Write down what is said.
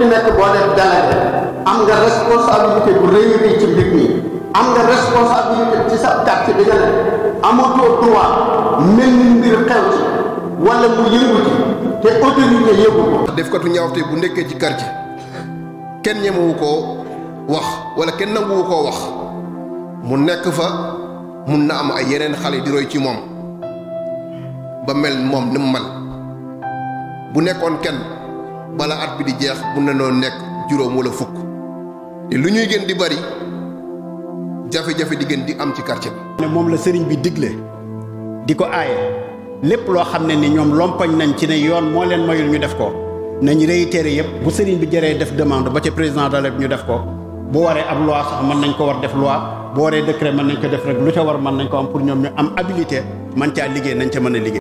mënti nekk boo def délégué am nga responsabilité bu rëy bi ci mbir mi am nga responsabilité ci sa quartier bi nga ne amatoo mel ni mbir xew ci wala mu yëngu ci te autorité yëngu ko. def katu bu nekkee ci quartier kenn ñemewu koo wax wala kenn nanguwu koo wax mu nekk fa mun na am ay yeneen xale di roy ci moom ba mel moom ni mu mel bu nekkoon kenn. bala at bi di jeex mun na noo nekk juróom wala fukk te lu ñuy gën di bari jafe-jafe di gën di am ci quartier bi. moom la sëriñ bi digle di ko aaye lépp loo xam ne ni ñoom lompañ nañ ci ne yoon moo leen mayul ñu def ko nañ réitéré yëpp bu sëriñ bi jaree def demande ba ca président de la ñu def ko bu waree ab loi sax mën nañ ko war def loi bu waree décret mën nañ ko def rek lu ca war man nañ ko am pour ñoom ñu am habilité man caa liggéey nañ ca mën a liggéey.